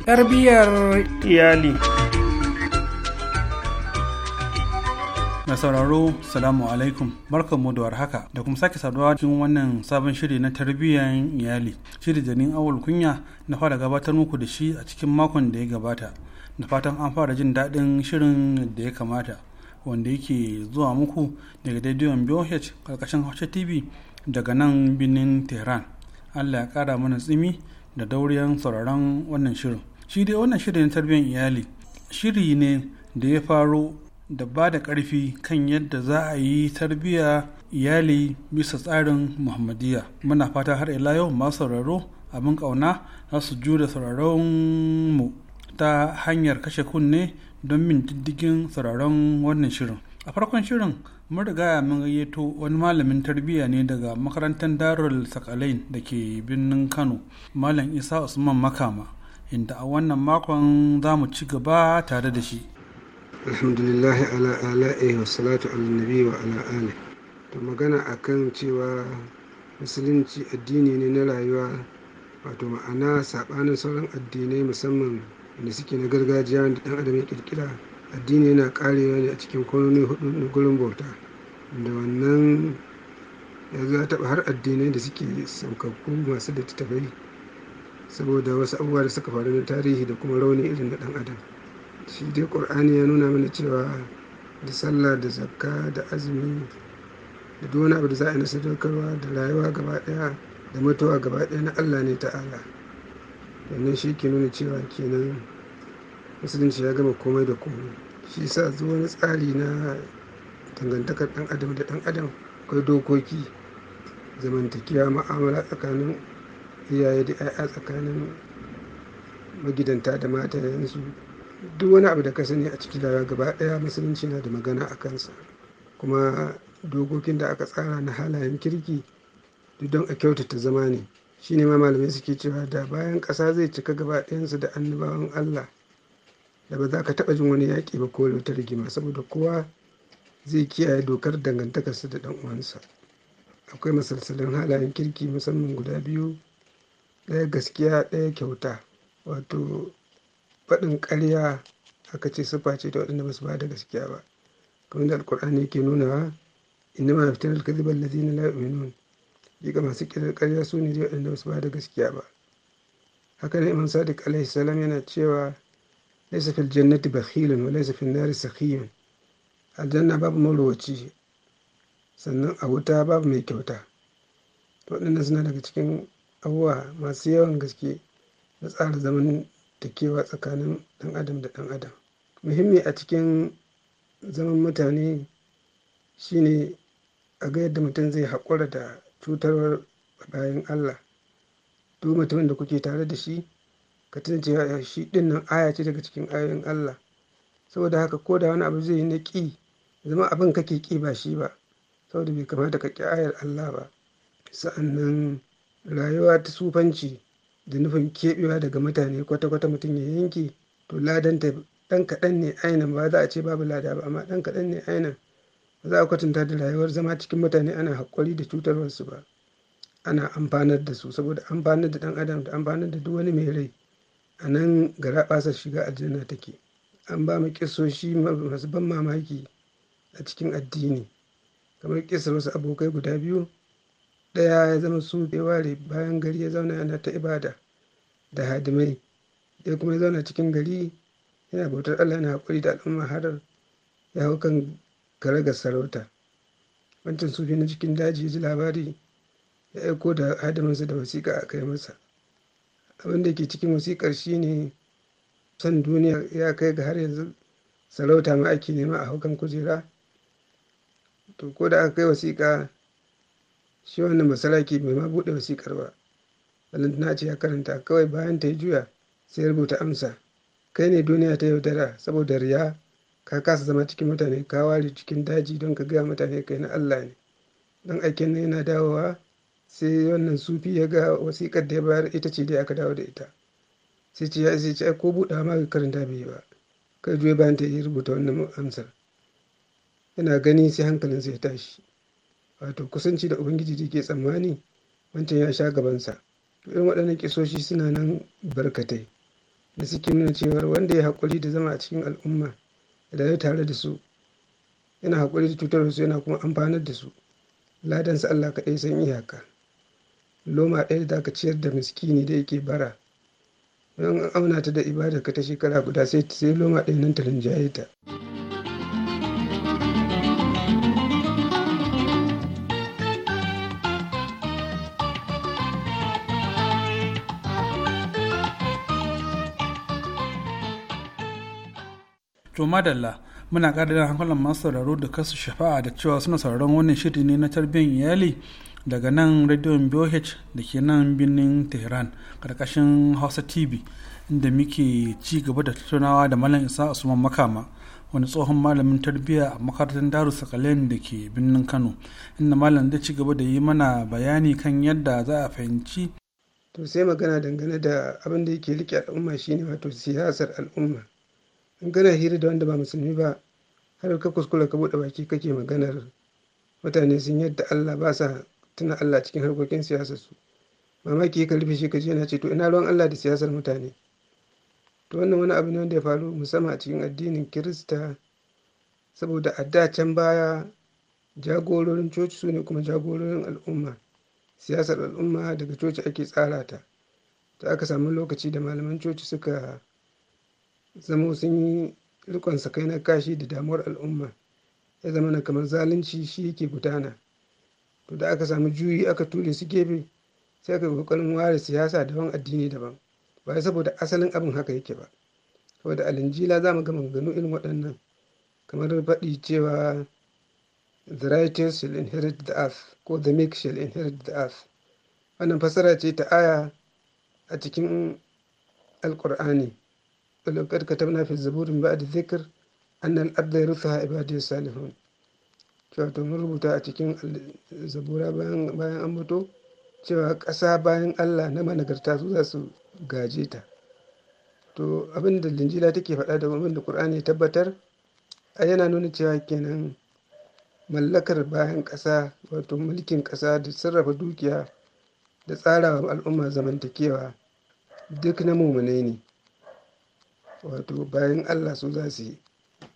tarbiyyar iyali Na sauraro salamu alaikum barkanmu da warhaka da kuma sake saduwa cikin wannan sabon shiri na tarbiyyar iyali shiri janin awul kunya na fara gabatar muku da shi a cikin makon da ya gabata na fatan an fara jin daɗin shirin da ya kamata wanda yake zuwa muku daga daidaiwan boh karkashin hausa tv daga nan birnin tehran allah ya ƙara mana tsimi da dauriyan sauraron wannan shirin shi dai wannan shirin tarbiyyar iyali shiri ne da ya faro da ba da ƙarfi kan yadda za a yi tarbiyya iyali bisa tsarin muhammadiyya muna fata har ila yau masu sauraro abin ƙauna za su jure sauraron mu ta hanyar kashe kunne don min diddigin sauraron wannan shirin a farkon shirin mun riga mun gayyato wani malamin tarbiyya ne daga makarantar darul sakalain da ke birnin kano malam isa usman makama inda a wannan makon za mu ci gaba tare da shi Alhamdulillahi ala ala'i wa salatu ala nabi wa ala to magana kan cewa musulunci addini ne na rayuwa wato ma'ana saɓanin sauran addinai musamman da suke na gargajiya da ɗan adam ya ƙirƙira addini yana karewa ne a cikin kwanoni hudu na gurin bauta da wannan ya za taɓa har addinai da suke saukakku masu da saboda wasu abubuwa da suka faru na tarihi da kuma rauni irin na ɗan adam shi dai ƙur'ani ya nuna mana cewa da sallah da zakka da azumi da duk wani abu da za a yi na sadaukarwa da rayuwa gaba ɗaya da mutuwa gaba ɗaya na allah ne ta'ala wannan shi ke nuna cewa kenan musulunci ya gama komai da komai shi sa zuwa wani tsari na dangantakar ɗan adam da ɗan adam akwai dokoki zamantakewa ma'amala tsakanin iyaye da 'ya'ya tsakanin magidanta da mata yanzu duk wani abu da ka sani a ciki rayuwa gaba ɗaya musulunci na da magana a kansa kuma dokokin da aka tsara na halayen kirki duk don a kyautata zama ne shine ma malamai suke cewa da bayan ƙasa zai cika gaba ɗayansu da annabawan allah da ba za ka taɓa jin wani yaƙi ba ko ta rigima saboda kowa zai kiyaye dokar dangantakarsa da ɗan uwansa akwai masalsalin halayen kirki musamman guda biyu ɗaya gaskiya ɗaya kyauta wato faɗin ƙarya aka ce sifa ce ta waɗanda ba su ba da gaskiya ba kamar da alkur'ani ke nuna wa inda ma fitar da alkaziba lazina la yu'minun ga masu ƙirar ƙarya su ne zai waɗanda ba su ba da gaskiya ba haka ne imam sadiq alaihi salam yana cewa laisa fil jannati bakhilun wa laisa fil nari sakhiyun aljanna babu marwaci sannan a wuta babu mai kyauta to waɗannan suna daga cikin abubuwa masu yawan gaske na tsara zaman kewa tsakanin ɗan adam da ɗan adam muhimmi a cikin zaman mutane shine a ga yadda mutum zai haƙura da cutarwar bayan allah duk mutumin da kuke tare da shi ka tuna cewa shi ɗin nan aya ce daga cikin ayoyin allah saboda haka ko da wani abu zai yi na ƙi zama abin kake ƙi ba shi ba saboda bai kamata ka ƙi ayar allah ba sa'annan rayuwa ta sufanci da nufin keɓewa daga mutane kwata-kwata mutum ya yanke to Ladan ta ɗan kaɗan ne ainihin ba za a ce babu lada ba amma ɗan kaɗan ne ainihin ba za a kwatanta da rayuwar zama cikin mutane ana haƙuri da cutarwarsu ba ana amfanar da su saboda amfanar da ɗan adam da amfanar da duk wani mai rai a nan gara ɓasa shiga aljanna take an ba mu ƙisoshi masu ban mamaki a cikin addini kamar ƙisar wasu abokai guda biyu ɗaya ya zama su ware bayan gari ya zauna yana ta ibada da hadimai da kuma ya zauna cikin gari yana bautar allah yana haƙuri da al'umma har ya hau kan ga sarauta wancan sufi na cikin daji ji labari ya aiko da hadiminsa da wasiƙa a kai masa abin da ke cikin wasiƙar shine san duniya ya kai ga har yanzu sarauta ma ake nema a haukan kujera to ko da aka kai wasiƙa shi wannan basaraki bai ma buɗe wasikar ba balantana ce ya karanta kawai bayan ta yi juya sai rubuta amsa kai ne duniya ta yaudara saboda riya ka kasa zama cikin mutane ka ware cikin daji don ka gaya mutane kai na allah ne don aikin nan yana dawowa sai wannan sufi ya ga wasikar da ya bayar ita ce dai aka dawo da ita sai ce ya ce ce ko buɗa ma karanta bai yi ba kai juya bayan ta yi rubuta wannan amsar yana gani sai hankalinsa ya tashi wato kusanci da ubangiji da ke tsammani wancan ya sha gabansa to irin waɗannan kisoshi suna nan barkatai da suke nuna cewa wanda ya haƙuri da zama a cikin al'umma da ya tare da su yana haƙuri da cutar su yana kuma amfanar da su ladansa Allah kaɗai san iyaka loma ɗaya da aka ciyar da miskini da yake bara don an auna ta da ibada ka ta shekara guda sai loma ɗaya nan ta rinjaye ta. to madalla muna da hankalin masu sauraro da kasu shafa'a da cewa suna sauraron wannan shiri ne na tarbiyyar iyali daga nan rediyon boh da ke nan birnin tehran karkashin hausa tv inda muke ci gaba da tattaunawa da malam isa usman makama wani tsohon malamin tarbiyya a makarantar daru sakalen da ke birnin kano inda malam zai ci gaba da yi mana bayani kan yadda za a fahimci to sai magana dangane da abin da yake rike al'umma shine wato siyasar al'umma in kana hira da wanda ba musulmi ba har ka kuskura ka bude baki kake maganar mutane sun yadda Allah ba sa tuna Allah cikin harkokin siyasar su mamaki ka rufe shi ka ce na ce to ina ruwan Allah da siyasar mutane to wannan wani abu ne wanda ya faru musamman a cikin addinin Kirista saboda a da can baya jagororin coci su ne kuma jagororin al'umma siyasar al'umma daga coci ake tsara ta ta aka samu lokaci da malaman coci suka zama sun yi rikon sakai na kashi da damuwar al'umma ya zama na kamar zalunci shi yake gudana to da aka samu juyi aka ture su gefe sai aka kokarin ware siyasa daban addini daban ba saboda asalin abin haka yake ba saboda alinjila za mu ga maganganu irin waɗannan kamar faɗi cewa the righteous shall inherit the earth ko the meek shall inherit the earth wannan fasara ce ta aya a cikin alkur'ani ولقد كتبنا في الزبور من بعد الذكر أن الأرض يرثها عبادي الصالحون cewa to mun rubuta a cikin zabura bayan an mutu cewa ƙasa bayan allah na managarta su zasu gaje ta to abin da linjila take faɗa da abin da ƙur'ani tabbatar a yana nuna cewa kenan mallakar bayan ƙasa wato mulkin ƙasa da sarrafa dukiya da tsarawa al'umma zamantakewa duk na mummunai ne wato bayan allah su za su yi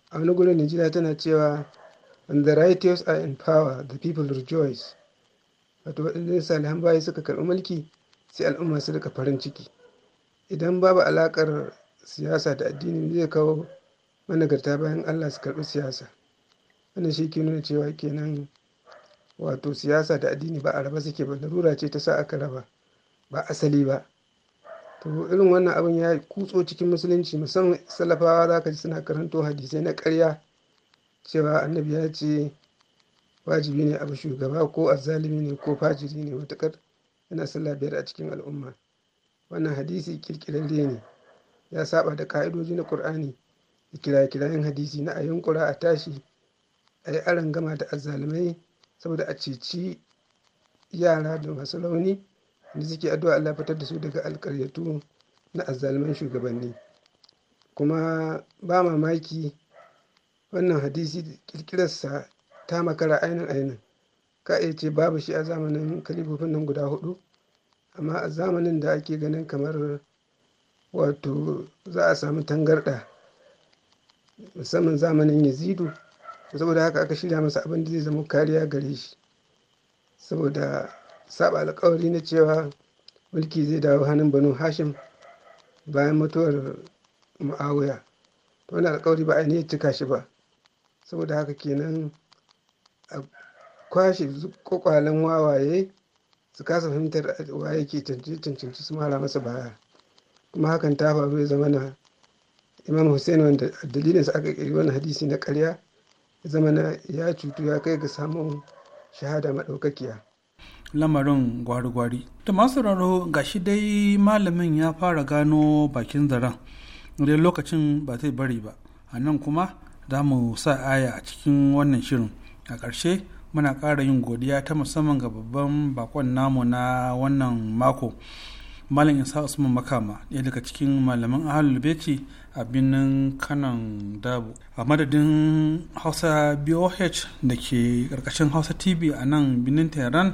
a wani gudun nigeria tana cewa when the righteous are in power the people rejoice wato waɗanda sa bayi suka karɓi mulki sai al'umma su rika farin ciki idan babu alaƙar siyasa da addini zai kawo managarta bayan allah su karɓi siyasa wannan shi ke nuna cewa kenan wato siyasa da addini ba a raba suke ba larura ce ta sa aka raba ba asali ba to irin wannan abin ya kutso cikin musulunci musamman salafawa za ka ji suna karanto hadisai na karya cewa annabi ya ce wajibi ne abu shugaba ko azalimi ne ko fajiri ne matukar yana sallah biyar a cikin al'umma wannan hadisi kirkirarre ne ya saba da ka'idoji na qur'ani da kira-kirayen hadisi na a yunkura a tashi a yi gama da azzalumai saboda a ceci yara da masu rauni da suke addu'a Allah fitar da su daga alƙaryatu na azalman shugabanni kuma ba mamaki wannan hadisi kirkirarsa ta makara ainin ainin ka iya ce babu shi a zamanin kalifofin nan guda hudu amma a zamanin da ake ganin kamar wato za a samu tangarɗa musamman zamanin yazidu saboda haka aka shirya masa abin da zai zama kariya gare shi saboda saba alkawari na cewa mulki zai dawo hannun banu hashim bayan mutuwar ma'awuya to wani alkawari ba ainihin cika shi ba saboda haka kenan a kwashe kwakwalen wawaye su kasa fahimtar waye ke cancanci su mara masa baya kuma hakan ta faru ya zama na imam hussein wanda dalilin su aka kiri wani hadisi na karya ya zama na ya cutu ya kai ga samun shahada maɗaukakiya lamarin gwari-gwari ta masu raro ga shi dai malamin ya fara gano bakin zaren da lokacin ba zai bari ba a nan kuma za mu sa aya a cikin wannan shirin a ƙarshe muna ƙara yin godiya ta musamman ga babban bakon namu na wannan mako malam isa usman makama ɗaya daga cikin malaman ahalul beci a birnin kanan dabu a madadin hausa boh da ke ƙarƙashin hausa tv a nan birnin tehran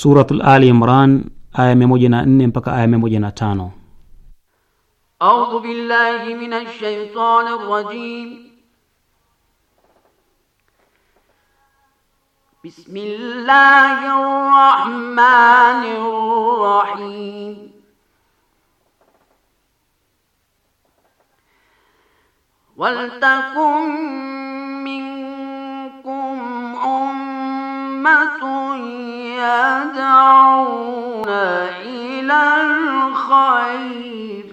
Suratul Ali Imran aya 104 mpaka aya 105. A'udhu billahi minash shaitanir rajim. Bismillahir rahmanir rahim. Wal takum أمة يدعون إلى الخير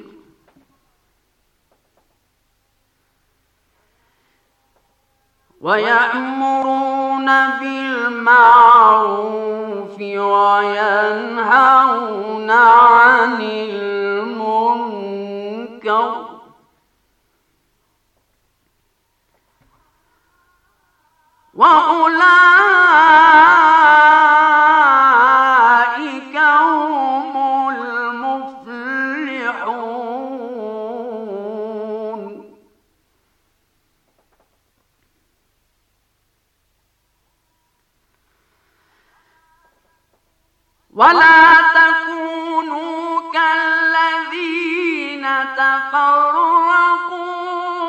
ويأمرون بالمعروف وينهون عن المنكر وأولئك هم المفلحون ولا تكونوا كالذين تفرقوا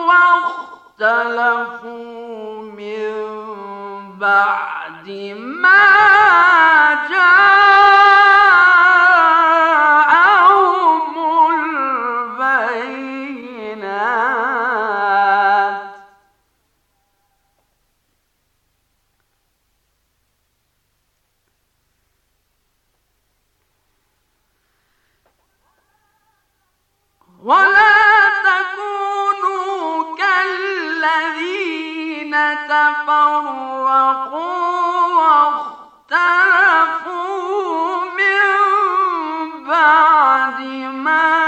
واختلفوا من بعد ما جاءهم البينات ولا بعد ما